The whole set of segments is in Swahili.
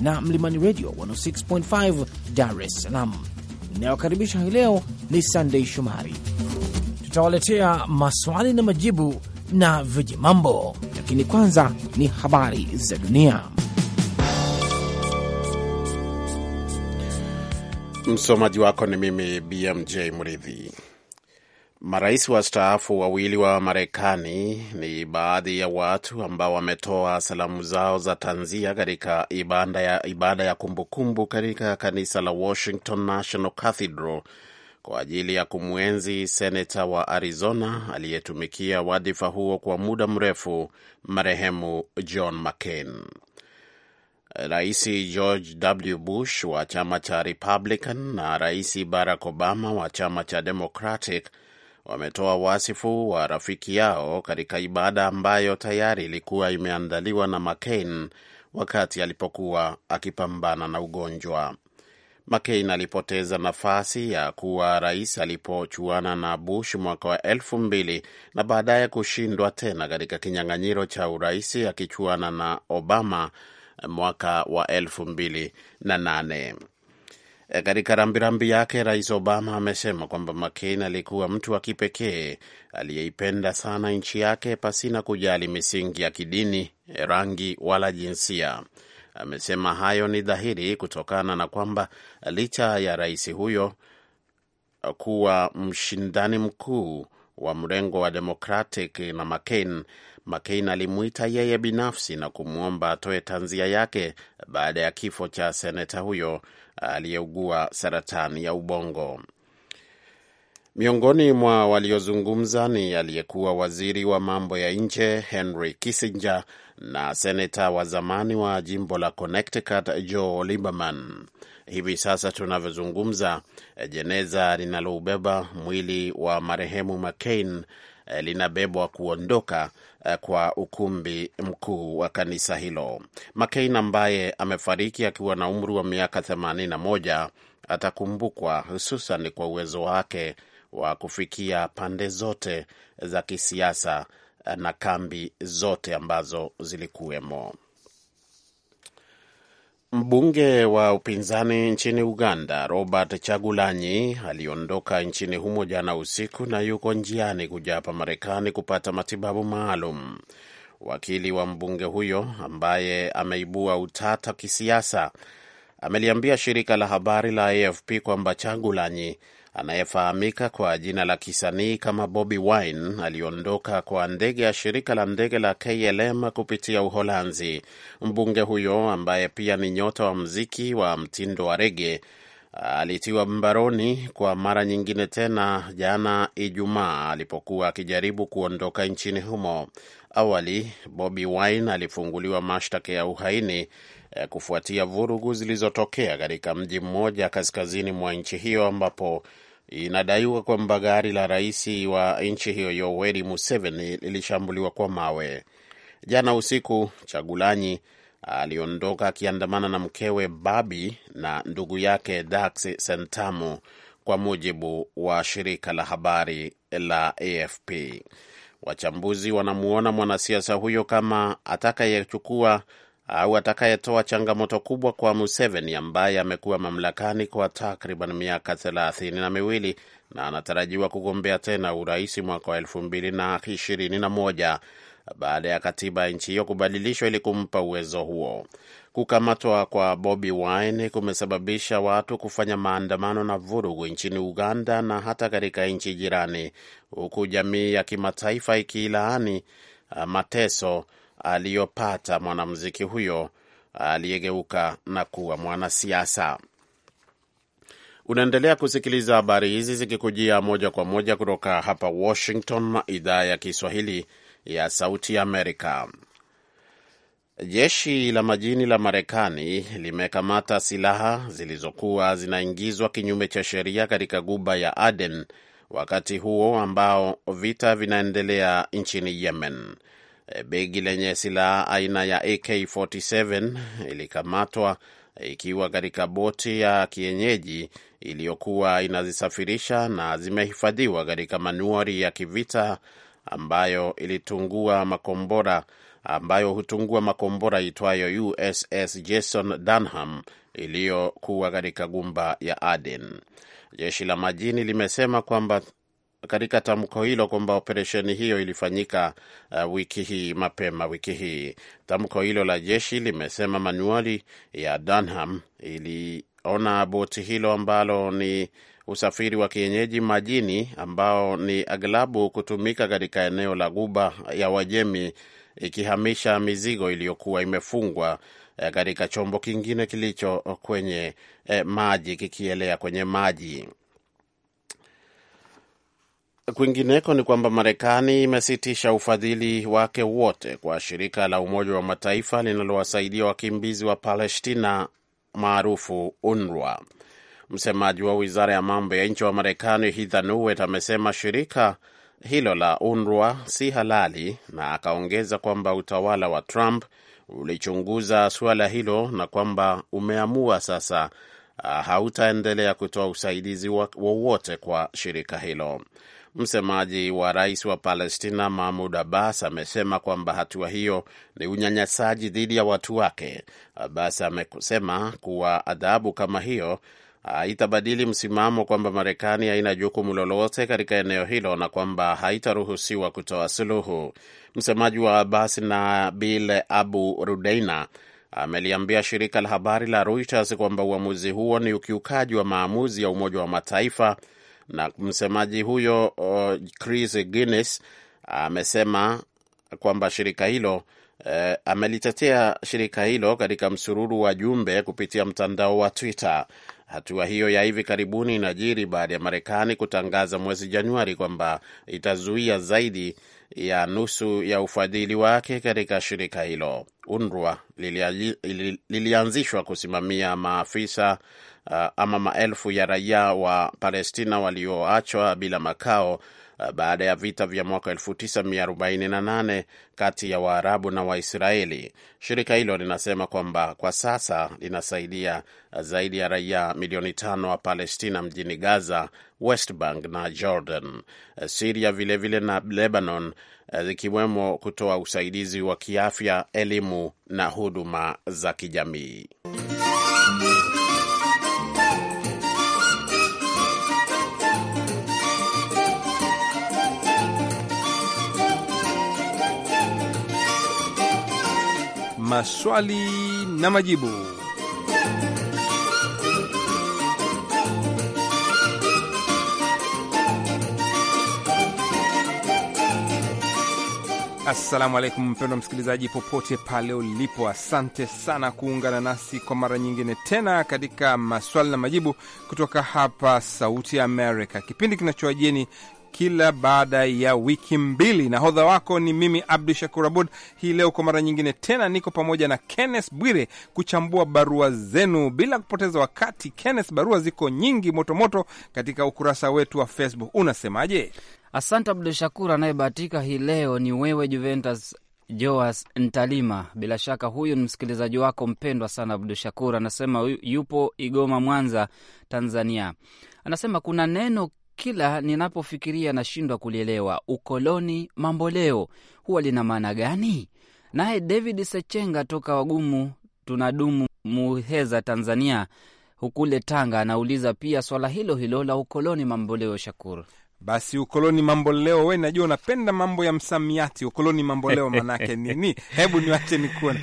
na Mlimani Radio 106.5 Dar es Salaam. Inayokaribisha hii leo ni Sandei Shomari. Tutawaletea maswali na majibu na vijimambo, lakini kwanza ni habari za dunia. Msomaji wako ni mimi BMJ Mridhi. Marais wastaafu wawili wa Marekani ni baadhi ya watu ambao wametoa salamu zao za tanzia katika ibada ya kumbukumbu katika kanisa la Washington National Cathedral kwa ajili ya kumwenzi seneta wa Arizona aliyetumikia wadhifa huo kwa muda mrefu, marehemu John McCain. rais George W. Bush wa chama cha Republican na Rais Barack Obama wa chama cha Democratic wametoa wasifu wa rafiki yao katika ibada ambayo tayari ilikuwa imeandaliwa na McCain wakati alipokuwa akipambana na ugonjwa. McCain alipoteza nafasi ya kuwa rais alipochuana na Bush mwaka wa elfu mbili na baadaye kushindwa tena katika kinyang'anyiro cha urais akichuana na Obama mwaka wa elfu mbili na nane. Katika rambirambi yake, Rais Obama amesema kwamba McCain alikuwa mtu wa kipekee aliyeipenda sana nchi yake pasina kujali misingi ya kidini, rangi wala jinsia. Amesema hayo ni dhahiri kutokana na kwamba licha ya rais huyo kuwa mshindani mkuu wa mrengo wa Democratic na McCain McCain alimwita yeye binafsi na kumwomba atoe tanzia yake baada ya kifo cha seneta huyo aliyeugua saratani ya ubongo. Miongoni mwa waliozungumza ni aliyekuwa waziri wa mambo ya nje Henry Kissinger na seneta wa zamani wa jimbo la Connecticut Joe Lieberman. Hivi sasa tunavyozungumza, jeneza linaloubeba mwili wa marehemu McCain eh, linabebwa kuondoka Eh, kwa ukumbi mkuu wa kanisa hilo. McCain ambaye amefariki akiwa na umri wa miaka 81 atakumbukwa hususan kwa uwezo wake wa kufikia pande zote za kisiasa na kambi zote ambazo zilikuwemo. Mbunge wa upinzani nchini Uganda Robert Chagulanyi aliondoka nchini humo jana usiku na yuko njiani kuja hapa Marekani kupata matibabu maalum. Wakili wa mbunge huyo ambaye ameibua utata kisiasa ameliambia shirika la habari la AFP kwamba Chagulanyi anayefahamika kwa jina la kisanii kama Bobi Wine aliondoka kwa ndege ya shirika la ndege la KLM kupitia Uholanzi. Mbunge huyo ambaye pia ni nyota wa mziki wa mtindo wa rege alitiwa mbaroni kwa mara nyingine tena jana Ijumaa alipokuwa akijaribu kuondoka nchini humo. Awali Bobi Wine alifunguliwa mashtaka ya uhaini eh, kufuatia vurugu zilizotokea katika mji mmoja kaskazini mwa nchi hiyo ambapo inadaiwa kwamba gari la rais wa nchi hiyo Yoweri Museveni lilishambuliwa kwa mawe. Jana usiku, Chagulanyi aliondoka akiandamana na mkewe Babi na ndugu yake Dax Sentamu, kwa mujibu wa shirika la habari la AFP. Wachambuzi wanamuona mwanasiasa huyo kama atakayechukua au atakayetoa changamoto kubwa kwa Museveni ambaye amekuwa mamlakani kwa takriban miaka thelathini na miwili na anatarajiwa kugombea tena urais mwaka wa elfu mbili na ishirini na moja baada ya katiba ya nchi hiyo kubadilishwa ili kumpa uwezo huo. Kukamatwa kwa Bobi Wine kumesababisha watu kufanya maandamano na vurugu nchini Uganda na hata katika nchi jirani, huku jamii ya kimataifa ikiilaani uh, mateso aliyopata mwanamuziki huyo aliyegeuka na kuwa mwanasiasa. Unaendelea kusikiliza habari hizi zikikujia moja kwa moja kutoka hapa Washington, idhaa ya Kiswahili ya Sauti ya Amerika. Jeshi la majini la Marekani limekamata silaha zilizokuwa zinaingizwa kinyume cha sheria katika guba ya Aden wakati huo ambao vita vinaendelea nchini Yemen. E, begi lenye silaha aina ya AK47 ilikamatwa ikiwa katika boti ya kienyeji iliyokuwa inazisafirisha na zimehifadhiwa katika manuari ya kivita ambayo ilitungua makombora ambayo hutungua makombora itwayo USS Jason Dunham iliyokuwa katika gumba ya Aden. Jeshi la majini limesema kwamba katika tamko hilo kwamba operesheni hiyo ilifanyika uh, wiki hii mapema wiki hii. Tamko hilo la jeshi limesema manuali ya Dunham iliona boti hilo ambalo ni usafiri wa kienyeji majini ambao ni aglabu kutumika katika eneo la guba ya Wajemi ikihamisha mizigo iliyokuwa imefungwa eh, katika chombo kingine kilicho eh, kwenye e, maji kikielea kwenye maji. Kwingineko ni kwamba Marekani imesitisha ufadhili wake wote kwa shirika la Umoja wa Mataifa linalowasaidia wakimbizi wa Palestina maarufu UNRWA. Msemaji wa wizara ya mambo ya nje wa Marekani Heather Nauert amesema shirika hilo la UNRWA si halali, na akaongeza kwamba utawala wa Trump ulichunguza suala hilo na kwamba umeamua sasa ah, hautaendelea kutoa usaidizi wowote kwa shirika hilo. Msemaji wa rais wa Palestina Mahmud Abbas amesema kwamba hatua hiyo ni unyanyasaji dhidi ya watu wake. Abbas amesema kuwa adhabu kama hiyo haitabadili ah, msimamo kwamba Marekani haina jukumu lolote katika eneo hilo na kwamba haitaruhusiwa kutoa suluhu. Msemaji wa Abbas na Bil Abu Rudeina ameliambia shirika la habari la Reuters kwamba uamuzi huo ni ukiukaji wa maamuzi ya Umoja wa Mataifa, na msemaji huyo Chris Guinness amesema kwamba shirika hilo uh, amelitetea shirika hilo katika msururu wa jumbe kupitia mtandao wa Twitter. Hatua hiyo ya hivi karibuni inajiri baada ya Marekani kutangaza mwezi Januari kwamba itazuia zaidi ya nusu ya ufadhili wake katika shirika hilo. UNRWA lilianzishwa kusimamia maafisa uh, ama maelfu ya raia wa Palestina walioachwa bila makao Eh, baada ya vita vya mwaka 1948 kati ya Waarabu na Waisraeli. Shirika hilo linasema kwamba kwa sasa linasaidia eh, zaidi ya raia milioni tano wa Palestina mjini Gaza, West Bank na Jordan, eh, Siria vilevile na Lebanon, zikiwemo kutoa usaidizi wa kiafya, elimu na huduma za kijamii. maswali na majibu. Assalamu alaikum mpendwa msikilizaji, popote pale ulipo, asante sana kuungana nasi kwa mara nyingine tena katika maswali na majibu kutoka hapa Sauti ya Amerika, kipindi kinachoajieni kila baada ya wiki mbili. Nahodha wako ni mimi Abdu Shakur Abud. Hii leo kwa mara nyingine tena niko pamoja na Kenneth Bwire kuchambua barua zenu bila kupoteza wakati. Kenneth, barua ziko nyingi motomoto moto katika ukurasa wetu wa Facebook, unasemaje? Asante Abdu Shakur. Anayebahatika hii leo ni wewe Juventus Joas Ntalima, bila shaka huyu ni msikilizaji wako mpendwa sana Abdu Shakur. Anasema yupo Igoma, Mwanza, Tanzania. Anasema kuna neno kila ninapofikiria nashindwa kulielewa ukoloni mamboleo huwa lina maana gani? Naye David Sechenga toka Wagumu tunadumu Muheza, Tanzania, hukule Tanga, anauliza pia swala hilo hilo la ukoloni mamboleo. Shakuru, basi ukoloni mamboleo, we najua unapenda mambo ya msamiati. Ukoloni mamboleo maanake nini? Hebu niwache nikuona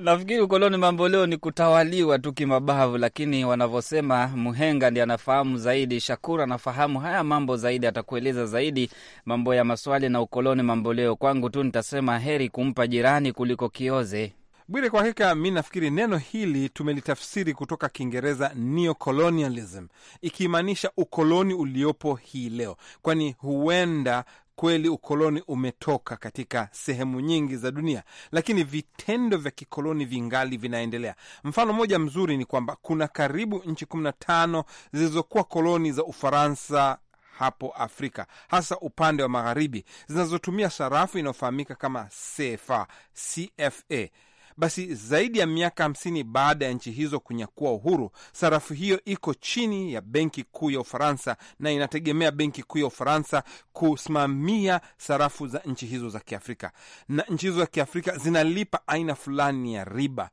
Nafikiri ukoloni mamboleo ni kutawaliwa tu kimabavu, lakini wanavyosema mhenga ndi anafahamu zaidi. Shakur anafahamu haya mambo zaidi, atakueleza zaidi mambo ya maswali na ukoloni mamboleo. Kwangu tu nitasema heri kumpa jirani kuliko kioze. Bwire, kwa hakika mi nafikiri neno hili tumelitafsiri kutoka Kiingereza neocolonialism, ikimaanisha ukoloni uliopo hii leo, kwani huenda Kweli ukoloni umetoka katika sehemu nyingi za dunia, lakini vitendo vya kikoloni vingali vinaendelea. Mfano mmoja mzuri ni kwamba kuna karibu nchi kumi na tano zilizokuwa koloni za Ufaransa hapo Afrika, hasa upande wa magharibi, zinazotumia sarafu inayofahamika kama CFA, CFA basi zaidi ya miaka 50 baada ya nchi hizo kunyakua uhuru, sarafu hiyo iko chini ya benki kuu ya Ufaransa na inategemea benki kuu ya Ufaransa kusimamia sarafu za nchi hizo za Kiafrika, na nchi hizo za Kiafrika zinalipa aina fulani ya riba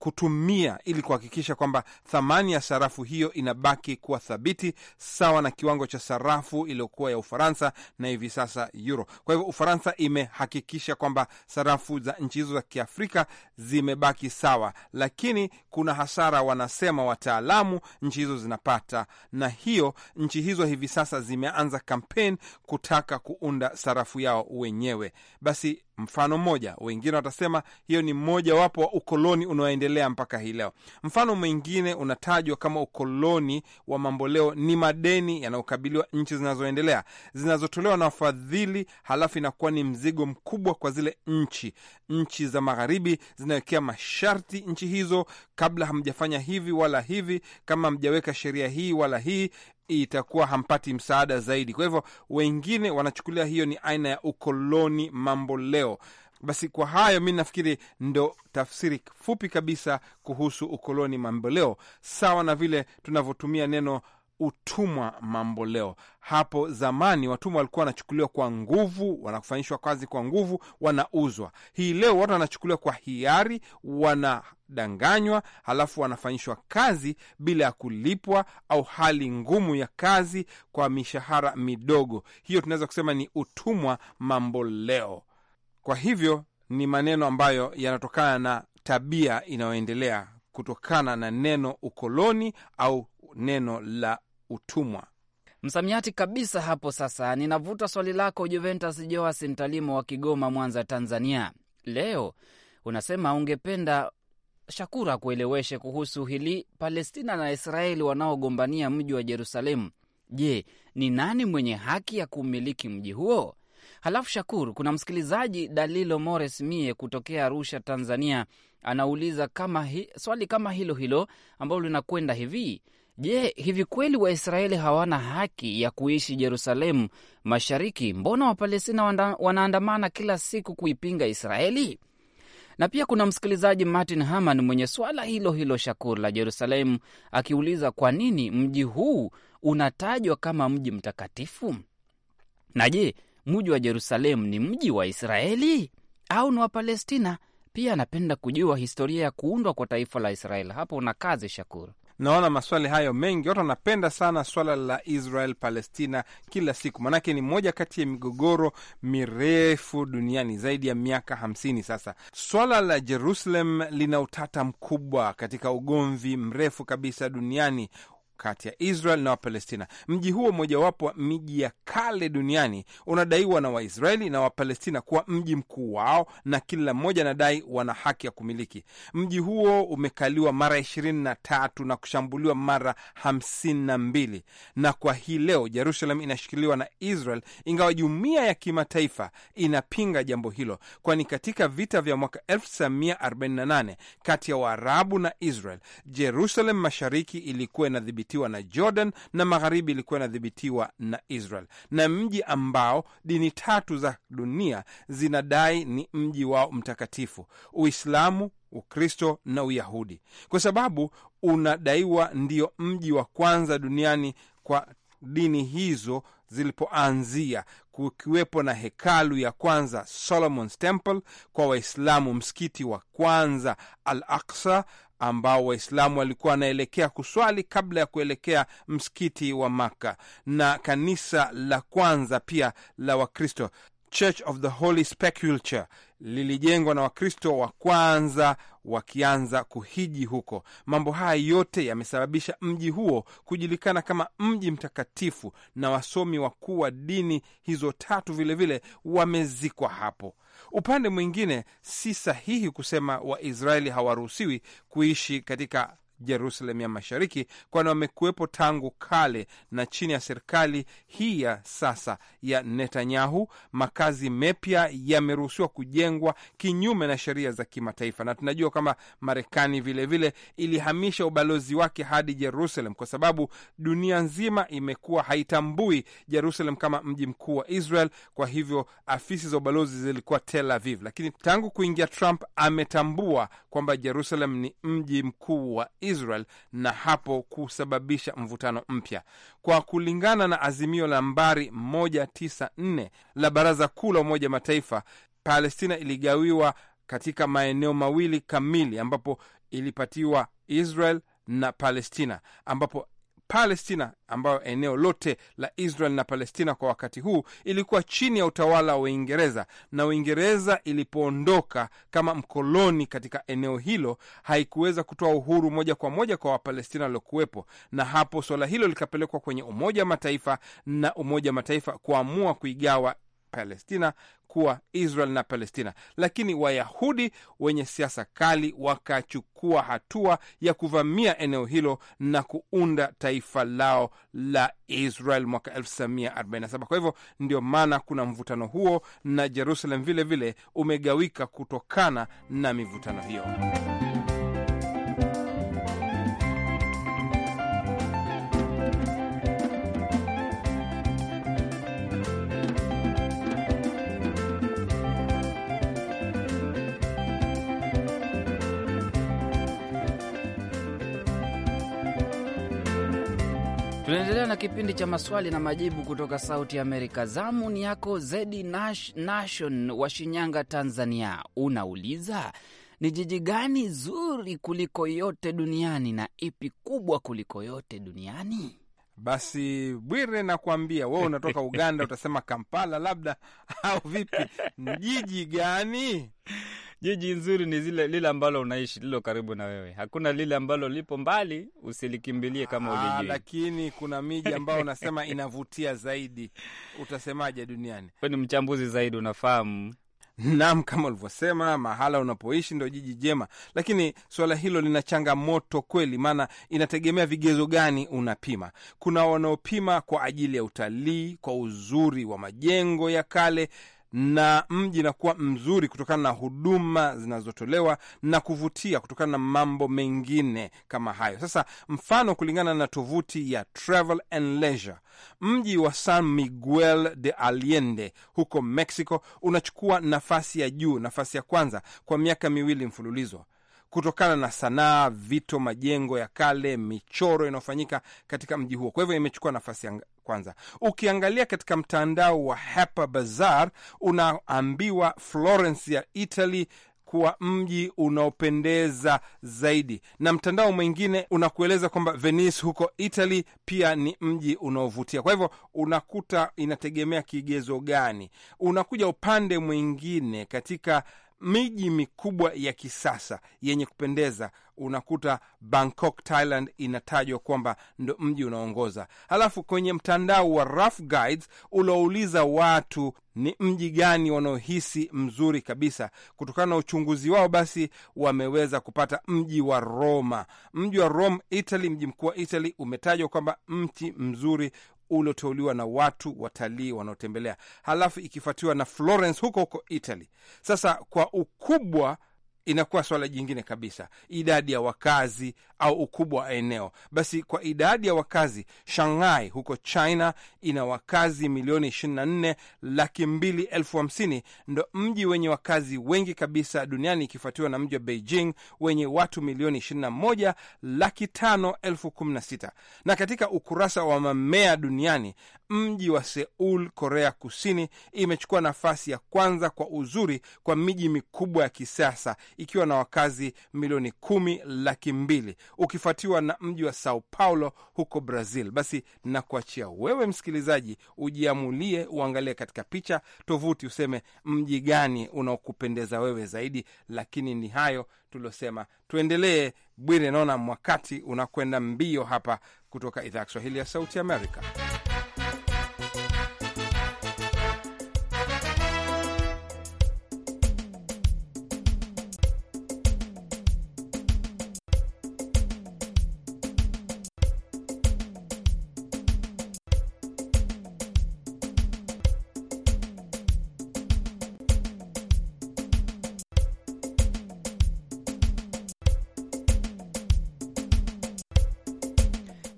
kutumia ili kuhakikisha kwamba thamani ya sarafu hiyo inabaki kuwa thabiti sawa na kiwango cha sarafu iliyokuwa ya Ufaransa na hivi sasa euro. Kwa hivyo Ufaransa imehakikisha kwamba sarafu za nchi hizo za Kiafrika zimebaki sawa, lakini kuna hasara, wanasema wataalamu, nchi hizo zinapata, na hiyo nchi hizo hivi sasa zimeanza kampeni kutaka kuunda sarafu yao wenyewe. Basi mfano mmoja. Wengine watasema hiyo ni mmoja wapo wa ukoloni unaoendelea mpaka hii leo. Mfano mwingine unatajwa kama ukoloni wa mamboleo ni madeni yanayokabiliwa nchi zinazoendelea zinazotolewa na wafadhili, halafu inakuwa ni mzigo mkubwa kwa zile nchi. Nchi za magharibi zinawekea masharti nchi hizo, kabla hamjafanya hivi wala hivi, kama hamjaweka sheria hii wala hii, itakuwa hampati msaada zaidi. Kwa hivyo wengine wanachukulia hiyo ni aina ya ukoloni mambo leo. Basi kwa hayo, mi nafikiri ndo tafsiri fupi kabisa kuhusu ukoloni mambo leo, sawa na vile tunavyotumia neno utumwa mambo leo. Hapo zamani watumwa walikuwa wanachukuliwa kwa nguvu, wanafanyishwa kazi kwa nguvu, wanauzwa. Hii leo watu wanachukuliwa kwa hiari, wanadanganywa, halafu wanafanyishwa kazi bila ya kulipwa, au hali ngumu ya kazi kwa mishahara midogo. Hiyo tunaweza kusema ni utumwa mambo leo. Kwa hivyo ni maneno ambayo yanatokana na tabia inayoendelea kutokana na neno ukoloni au neno la utumwa. Msamiati kabisa hapo. Sasa ninavuta swali lako Juventus Joas Mtalimo wa Kigoma, Mwanza, Tanzania. Leo unasema ungependa Shakura kueleweshe kuhusu hili Palestina na Israeli wanaogombania mji wa Jerusalemu. Je, ni nani mwenye haki ya kumiliki mji huo? Halafu Shakur, kuna msikilizaji Dalilo Mores Mie kutokea Arusha, Tanzania, anauliza kama hi, swali kama hilo hilo ambalo linakwenda hivi: Je, hivi kweli Waisraeli hawana haki ya kuishi jerusalemu Mashariki? Mbona Wapalestina wanaandamana kila siku kuipinga Israeli? Na pia kuna msikilizaji Martin Haman mwenye swala hilo hilo, Shakur, la jerusalemu akiuliza kwa nini mji huu unatajwa kama mji mtakatifu? Na je, mji wa Jerusalemu ni mji wa Israeli au ni wa Palestina? Pia anapenda kujua historia ya kuundwa kwa taifa la Israeli. Hapo una kazi, Shakur naona maswali hayo mengi, watu wanapenda sana swala la Israel Palestina kila siku, maanake ni moja kati ya migogoro mirefu duniani zaidi ya miaka hamsini sasa. Swala la Jerusalem lina utata mkubwa katika ugomvi mrefu kabisa duniani kati ya Israel na Wapalestina. Mji huo mojawapo wa miji ya kale duniani unadaiwa na Waisraeli na Wapalestina kuwa mji mkuu wao, na kila mmoja anadai wana haki ya kumiliki mji huo. Umekaliwa mara ishirini na tatu na kushambuliwa mara hamsini na mbili na kwa hii leo Jerusalem inashikiliwa na Israel, ingawa jumuiya ya kimataifa inapinga jambo hilo, kwani katika vita vya mwaka 1948 kati ya Waarabu na Israel, Jerusalem mashariki ilikuwa inadhibiti inadhibitiwa na Jordan na magharibi ilikuwa inadhibitiwa na Israel, na mji ambao dini tatu za dunia zinadai ni mji wao mtakatifu: Uislamu, Ukristo na Uyahudi, kwa sababu unadaiwa ndio mji wa kwanza duniani kwa dini hizo zilipoanzia kukiwepo na hekalu ya kwanza Solomon's Temple kwa Waislamu, msikiti wa kwanza Al Aksa ambao Waislamu walikuwa wanaelekea kuswali kabla ya kuelekea msikiti wa Makka, na kanisa la kwanza pia la Wakristo Church of the Holy Sepulchre lilijengwa na Wakristo wa kwanza wakianza kuhiji huko. Mambo haya yote yamesababisha mji huo kujulikana kama mji mtakatifu, na wasomi wakuu wa dini hizo tatu vilevile wamezikwa hapo. Upande mwingine, si sahihi kusema Waisraeli hawaruhusiwi kuishi katika Jerusalem ya Mashariki, kwani wamekuwepo tangu kale na chini ya serikali hii ya sasa ya Netanyahu. Makazi mepya yameruhusiwa kujengwa kinyume na sheria za kimataifa, na tunajua kwamba Marekani vilevile ilihamisha ubalozi wake hadi Jerusalem kwa sababu dunia nzima imekuwa haitambui Jerusalem kama mji mkuu wa Israel. Kwa hivyo afisi za ubalozi zilikuwa Tel Aviv, lakini tangu kuingia Trump ametambua kwamba Jerusalem ni mji mkuu wa Israel. Israel na hapo kusababisha mvutano mpya. Kwa kulingana na azimio la nambari 194 la Baraza Kuu la Umoja Mataifa, Palestina iligawiwa katika maeneo mawili kamili ambapo ilipatiwa Israel na Palestina ambapo Palestina ambayo eneo lote la Israel na Palestina kwa wakati huu ilikuwa chini ya utawala wa Uingereza, na Uingereza ilipoondoka kama mkoloni katika eneo hilo haikuweza kutoa uhuru moja kwa moja kwa Wapalestina waliokuwepo, na hapo suala hilo likapelekwa kwenye Umoja wa Mataifa na Umoja wa Mataifa kuamua kuigawa Palestina kuwa Israel na Palestina, lakini Wayahudi wenye siasa kali wakachukua hatua ya kuvamia eneo hilo na kuunda taifa lao la Israel mwaka 1947. Kwa hivyo ndio maana kuna mvutano huo, na Jerusalem vilevile vile umegawika kutokana na mivutano hiyo. Tunaendelea na kipindi cha maswali na majibu kutoka Sauti ya Amerika. Zamu ni yako Zedi Nash, Nation wa Shinyanga, Tanzania. Unauliza, ni jiji gani zuri kuliko yote duniani na ipi kubwa kuliko yote duniani? Basi Bwire, nakuambia wewe unatoka Uganda utasema Kampala labda au vipi? ni Jiji gani? Jiji nzuri ni zile lile ambalo unaishi lilo karibu na wewe, hakuna lile ambalo lipo mbali usilikimbilie kama ah, ulijui. Lakini kuna miji ambayo unasema inavutia zaidi, utasemaje duniani? Wewe ni mchambuzi zaidi, unafahamu. Naam, kama ulivyosema, mahala unapoishi ndo jiji jema, lakini suala hilo lina changamoto kweli, maana inategemea vigezo gani unapima. Kuna wanaopima kwa ajili ya utalii, kwa uzuri wa majengo ya kale na mji inakuwa mzuri kutokana na huduma zinazotolewa na kuvutia kutokana na mambo mengine kama hayo. Sasa mfano, kulingana na tovuti ya Travel and Leisure, mji wa San Miguel de Allende huko Mexico unachukua nafasi ya juu, nafasi ya kwanza kwa miaka miwili mfululizo kutokana na sanaa, vito, majengo ya kale, michoro inayofanyika katika mji huo. Kwa hivyo imechukua nafasi ya kwanza. Ukiangalia katika mtandao wa Harper Bazaar unaambiwa Florence ya Italy kuwa mji unaopendeza zaidi, na mtandao mwingine unakueleza kwamba Venice huko Italy pia ni mji unaovutia. Kwa hivyo unakuta inategemea kigezo gani. Unakuja upande mwingine katika miji mikubwa ya kisasa yenye kupendeza, unakuta Bangkok Thailand inatajwa kwamba ndo mji unaongoza. Halafu kwenye mtandao wa Rough Guides uliouliza watu ni mji gani wanaohisi mzuri kabisa, kutokana na uchunguzi wao, basi wameweza kupata mji wa Roma. Mji wa Rome, Italy, mji mkuu wa Italy umetajwa kwamba mti mzuri ulioteuliwa na watu watalii wanaotembelea, halafu ikifuatiwa na Florence huko huko Italy. Sasa kwa ukubwa inakuwa swala jingine kabisa, idadi ya wakazi, au ukubwa wa eneo. Basi kwa idadi ya wakazi, Shanghai huko China ina wakazi milioni 24 laki mbili elfu hamsini, ndo mji wenye wakazi wengi kabisa duniani ikifuatiwa na mji wa Beijing wenye watu milioni 21 laki tano elfu kumi na sita. Na katika ukurasa wa mamea duniani mji wa Seul, Korea Kusini, imechukua nafasi ya kwanza kwa uzuri kwa miji mikubwa ya kisasa ikiwa na wakazi milioni kumi laki mbili ukifuatiwa na mji wa Sao Paulo huko Brazil. Basi nakuachia wewe msikilizaji, ujiamulie, uangalie katika picha tovuti, useme mji gani unaokupendeza wewe zaidi. Lakini ni hayo tuliosema, tuendelee. Bwire, naona mwakati unakwenda mbio hapa, kutoka idhaa ya Kiswahili ya Sauti Amerika.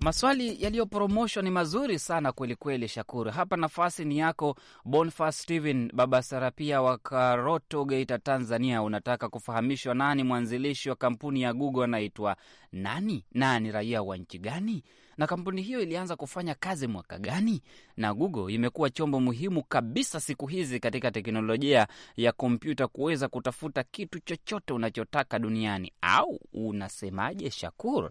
Maswali yaliyopromoshwa ni mazuri sana kwelikweli, Shakuru. Hapa nafasi ni yako. Bonfa Steven Baba Sarapia wa Karoto, Geita, Tanzania, unataka kufahamishwa nani mwanzilishi wa kampuni ya Google anaitwa nani na ni raia wa nchi gani, na kampuni hiyo ilianza kufanya kazi mwaka gani, na Google imekuwa chombo muhimu kabisa siku hizi katika teknolojia ya kompyuta kuweza kutafuta kitu chochote unachotaka duniani, au unasemaje, Shakuru?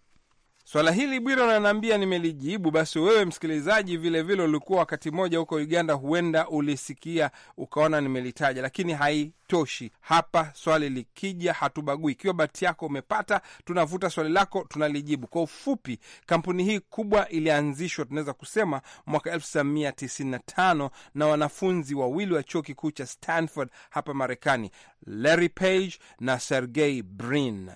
Swala hili Bwira unaniambia nimelijibu. Basi wewe msikilizaji, vilevile ulikuwa wakati mmoja huko Uganda, huenda ulisikia ukaona nimelitaja, lakini haitoshi. Hapa swali likija, hatubagui. Ikiwa bahati yako umepata, tunavuta swali lako, tunalijibu kwa ufupi. Kampuni hii kubwa ilianzishwa, tunaweza kusema mwaka 1995 na wanafunzi wawili wa chuo kikuu cha Stanford hapa Marekani, Larry Page na Sergey Brin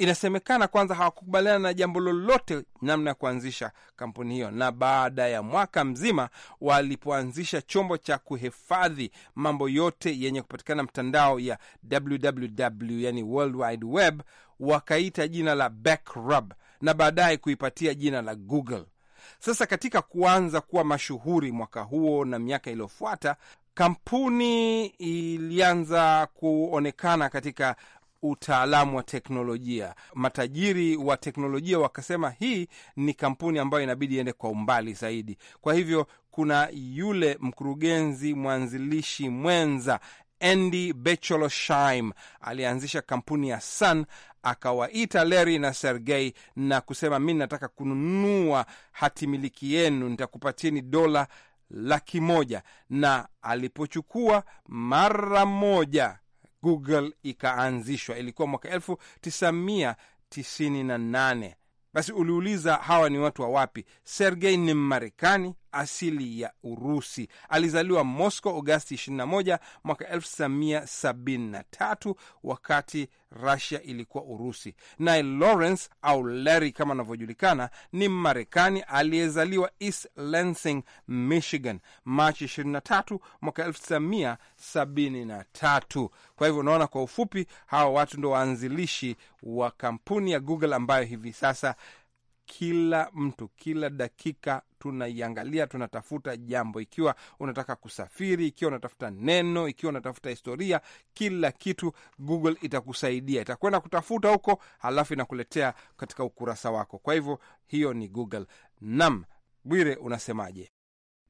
inasemekana kwanza hawakukubaliana na jambo lolote namna ya kuanzisha kampuni hiyo, na baada ya mwaka mzima walipoanzisha chombo cha kuhifadhi mambo yote yenye kupatikana mtandao ya www, yani World Wide Web, wakaita jina la Backrub na baadaye kuipatia jina la Google. Sasa katika kuanza kuwa mashuhuri mwaka huo na miaka iliyofuata, kampuni ilianza kuonekana katika utaalamu wa teknolojia. Matajiri wa teknolojia wakasema hii ni kampuni ambayo inabidi iende kwa umbali zaidi. Kwa hivyo kuna yule mkurugenzi mwanzilishi mwenza Andy Bechtolsheim alianzisha kampuni ya Sun, akawaita Larry na Sergey na kusema mi nataka kununua hatimiliki yenu, nitakupatieni dola laki moja. Na alipochukua mara moja Google ikaanzishwa, ilikuwa mwaka 1998. Basi uliuliza hawa ni watu wa wapi? Sergey ni Mmarekani asili ya Urusi. Alizaliwa Moscow Agosti 21 mwaka 1973 wakati Russia ilikuwa Urusi. Naye Lawrence au Larry kama anavyojulikana ni Marekani aliyezaliwa East Lansing, Michigan Machi 23 mwaka 1973. Kwa hivyo unaona, kwa ufupi, hawa watu ndo waanzilishi wa kampuni ya Google ambayo hivi sasa kila mtu kila dakika tunaiangalia, tunatafuta jambo, ikiwa unataka kusafiri, ikiwa unatafuta neno, ikiwa unatafuta historia, kila kitu Google itakusaidia, itakwenda kutafuta huko, halafu inakuletea katika ukurasa wako. Kwa hivyo hiyo ni Google. Nam Bwire, unasemaje?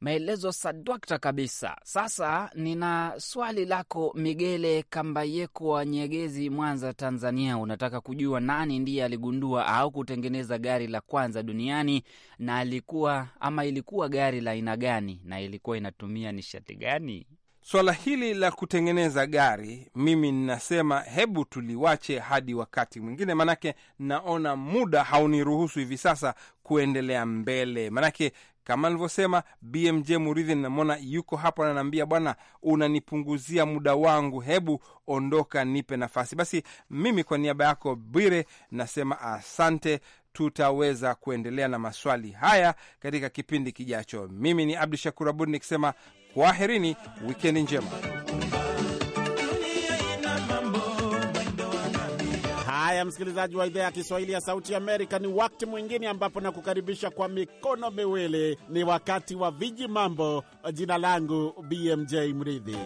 Maelezo sadwakta kabisa. Sasa nina swali lako Migele Kambayeko wa Nyegezi, Mwanza, Tanzania. Unataka kujua nani ndiye aligundua au kutengeneza gari la kwanza duniani na alikuwa ama ilikuwa gari la aina gani na ilikuwa inatumia nishati gani? Swala hili la kutengeneza gari, mimi ninasema hebu tuliwache hadi wakati mwingine, manake naona muda hauniruhusu hivi sasa kuendelea mbele, manake kama alivyosema BMJ Muridhi namwona yuko hapo, ananiambia bwana, unanipunguzia muda wangu, hebu ondoka, nipe nafasi. Basi mimi kwa niaba yako Bwire nasema asante. Tutaweza kuendelea na maswali haya katika kipindi kijacho. Mimi ni Abdu Shakur Abud nikisema kwaherini, wikendi njema. haya, msikilizaji wa idhaa ya Kiswahili ya Sauti Amerika, ni wakati mwingine ambapo nakukaribisha kwa mikono miwili. Ni wakati wa viji mambo. Jina langu BMJ Mridhi.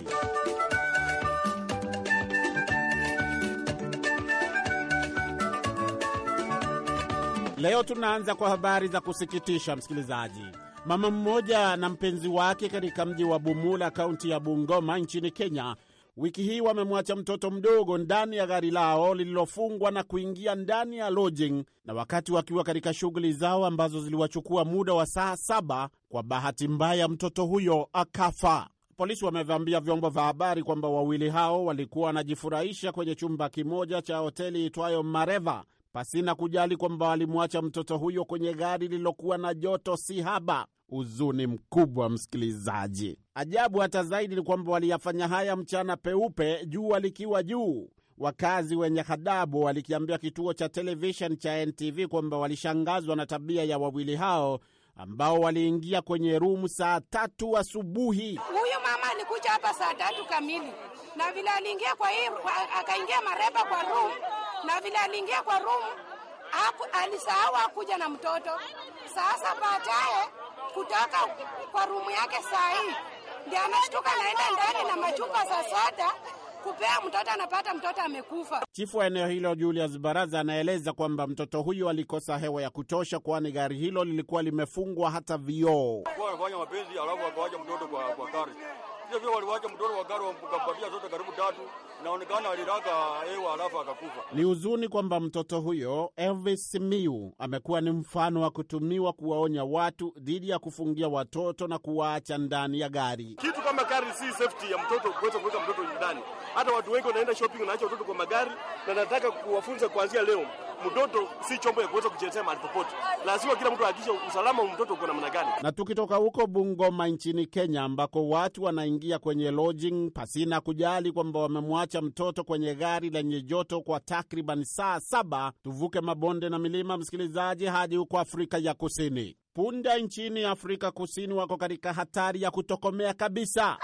Leo tunaanza kwa habari za kusikitisha, msikilizaji. Mama mmoja na mpenzi wake katika mji wa Bumula, kaunti ya Bungoma nchini Kenya wiki hii wamemwacha mtoto mdogo ndani ya gari lao lililofungwa na kuingia ndani ya lodging, na wakati wakiwa katika shughuli zao ambazo ziliwachukua muda wa saa saba, kwa bahati mbaya mtoto huyo akafa. Polisi wamevambia vyombo vya habari kwamba wawili hao walikuwa wanajifurahisha kwenye chumba kimoja cha hoteli itwayo Mareva pasina kujali kwamba walimwacha mtoto huyo kwenye gari lililokuwa na joto si haba. Huzuni mkubwa, msikilizaji. Ajabu hata zaidi ni kwamba waliyafanya haya mchana peupe, jua likiwa juu. Wakazi wenye hadabu walikiambia kituo cha televishen cha NTV kwamba walishangazwa na tabia ya wawili hao ambao waliingia kwenye rumu saa tatu asubuhi. Huyu mama alikuja hapa saa tatu kamili, na vile aliingia kwa hii akaingia mareba kwa rumu na vile aliingia kwa rumu alisahau akuja na mtoto. Sasa baadaye kutoka kwa rumu yake saa hii ndio anashtuka naenda ndani na machupa za soda kupea mtoto, anapata mtoto amekufa. Chifu wa eneo hilo Julius Baraza anaeleza kwamba mtoto huyo alikosa hewa ya kutosha, kwani gari hilo lilikuwa limefungwa hata vioo. Akafanya mapenzi alafu akawacha mtoto kwa gari, sio waliwacha mtoto wa gari, wakampatia soda karibu tatu inaonekana aliraka hewa alafu akakufa. Ni huzuni kwamba mtoto huyo Elvis Miu amekuwa ni mfano wa kutumiwa kuwaonya watu dhidi ya kufungia watoto na kuwaacha ndani ya gari. Kitu kama gari si safety ya mtoto kuweza kuweka mtoto ndani. Hata watu wengi wanaenda shopping wanaacha watoto kwa magari, na nataka kuwafunza kuanzia leo mtoto si chombo ya kuweza kuchezea mahali popote. Lazima kila mtu ahakikishe usalama wa mtoto uko namna gani. Na tukitoka huko Bungoma nchini Kenya, ambako watu wanaingia kwenye lodging pasina kujali kwamba wamemwacha cha mtoto kwenye gari lenye joto kwa takriban saa saba, tuvuke mabonde na milima, msikilizaji, hadi huko Afrika ya Kusini. Punda nchini Afrika Kusini wako katika hatari ya kutokomea kabisa.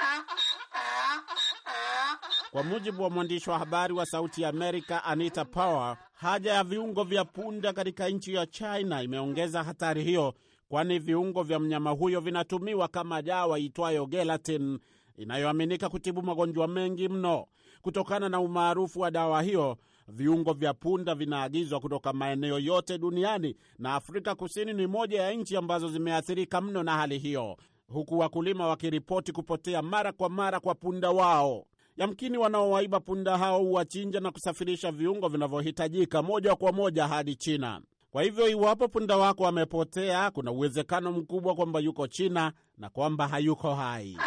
Kwa mujibu wa mwandishi wa habari wa Sauti ya Amerika Anita Power, haja ya viungo vya punda katika nchi ya China imeongeza hatari hiyo, kwani viungo vya mnyama huyo vinatumiwa kama dawa itwayo gelatin inayoaminika kutibu magonjwa mengi mno. Kutokana na umaarufu wa dawa hiyo, viungo vya punda vinaagizwa kutoka maeneo yote duniani, na Afrika Kusini ni moja ya nchi ambazo zimeathirika mno na hali hiyo, huku wakulima wakiripoti kupotea mara kwa mara kwa punda wao. Yamkini wanaowaiba punda hao huwachinja na kusafirisha viungo vinavyohitajika moja kwa moja hadi China. Kwa hivyo iwapo punda wako amepotea, kuna uwezekano mkubwa kwamba yuko China na kwamba hayuko hai.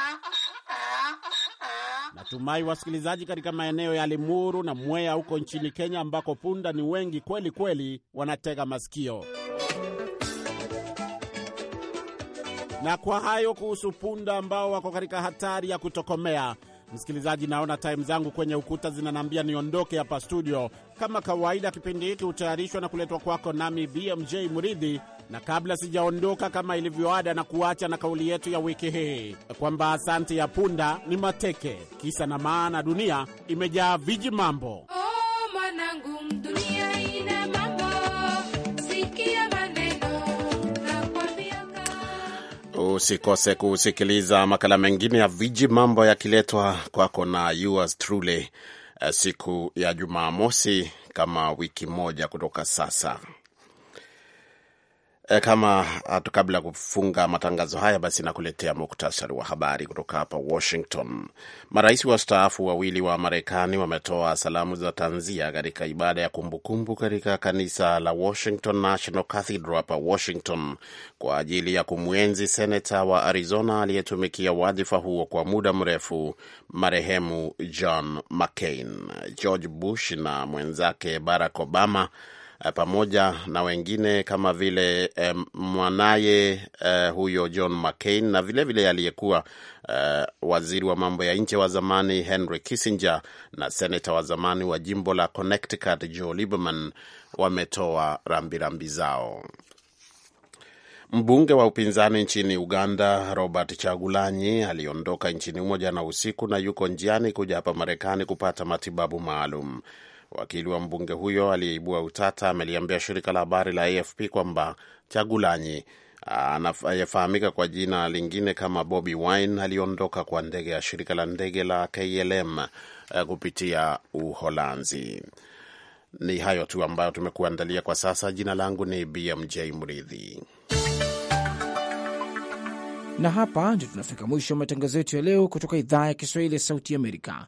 Natumai wasikilizaji katika maeneo ya Limuru na Mwea huko nchini Kenya, ambako punda ni wengi kweli kweli, wanatega masikio. Na kwa hayo kuhusu punda ambao wako katika hatari ya kutokomea. Msikilizaji, naona taimu zangu kwenye ukuta zinanaambia niondoke hapa studio. Kama kawaida, kipindi hiki hutayarishwa na kuletwa kwako nami BMJ Muridhi na kabla sijaondoka, kama ilivyoada, na kuacha na kauli yetu ya wiki hii kwamba asante ya punda ni mateke. Kisa na maana, dunia imejaa viji mambo. Oh, mwanangu, dunia ina mambo. Sikia maneno nakwambia, usikose kusikiliza makala mengine ya viji mambo yakiletwa kwako na yours truly eh, siku ya Jumamosi, kama wiki moja kutoka sasa. Eh, kama ah, kabla ya kufunga matangazo haya, basi nakuletea muktasari wa habari kutoka hapa Washington. Marais wastaafu wawili wa Marekani wametoa salamu za tanzia katika ibada ya kumbukumbu katika kanisa la Washington National Cathedral hapa Washington kwa ajili ya kumwenzi seneta wa Arizona aliyetumikia wadhifa huo kwa muda mrefu, marehemu John McCain. George Bush na mwenzake Barack Obama Eh, pamoja na wengine kama vile eh, mwanaye eh, huyo John McCain na vilevile aliyekuwa eh, waziri wa mambo ya nje wa zamani Henry Kissinger na senata wa zamani wa jimbo la Connecticut Joe Lieberman wametoa rambirambi zao. Mbunge wa upinzani nchini Uganda Robert Chagulanyi aliondoka nchini humo jana usiku na yuko njiani kuja hapa Marekani kupata matibabu maalum. Wakili wa mbunge huyo aliyeibua utata ameliambia shirika la habari la AFP kwamba Chagulanyi anayefahamika kwa jina lingine kama Bobi Wine aliondoka kwa ndege ya shirika la ndege la KLM eh, kupitia Uholanzi. Ni hayo tu ambayo tumekuandalia kwa sasa. Jina langu ni BMJ Mridhi, na hapa ndio tunafika mwisho wa matangazo yetu ya leo kutoka idhaa ya Kiswahili ya Sauti Amerika.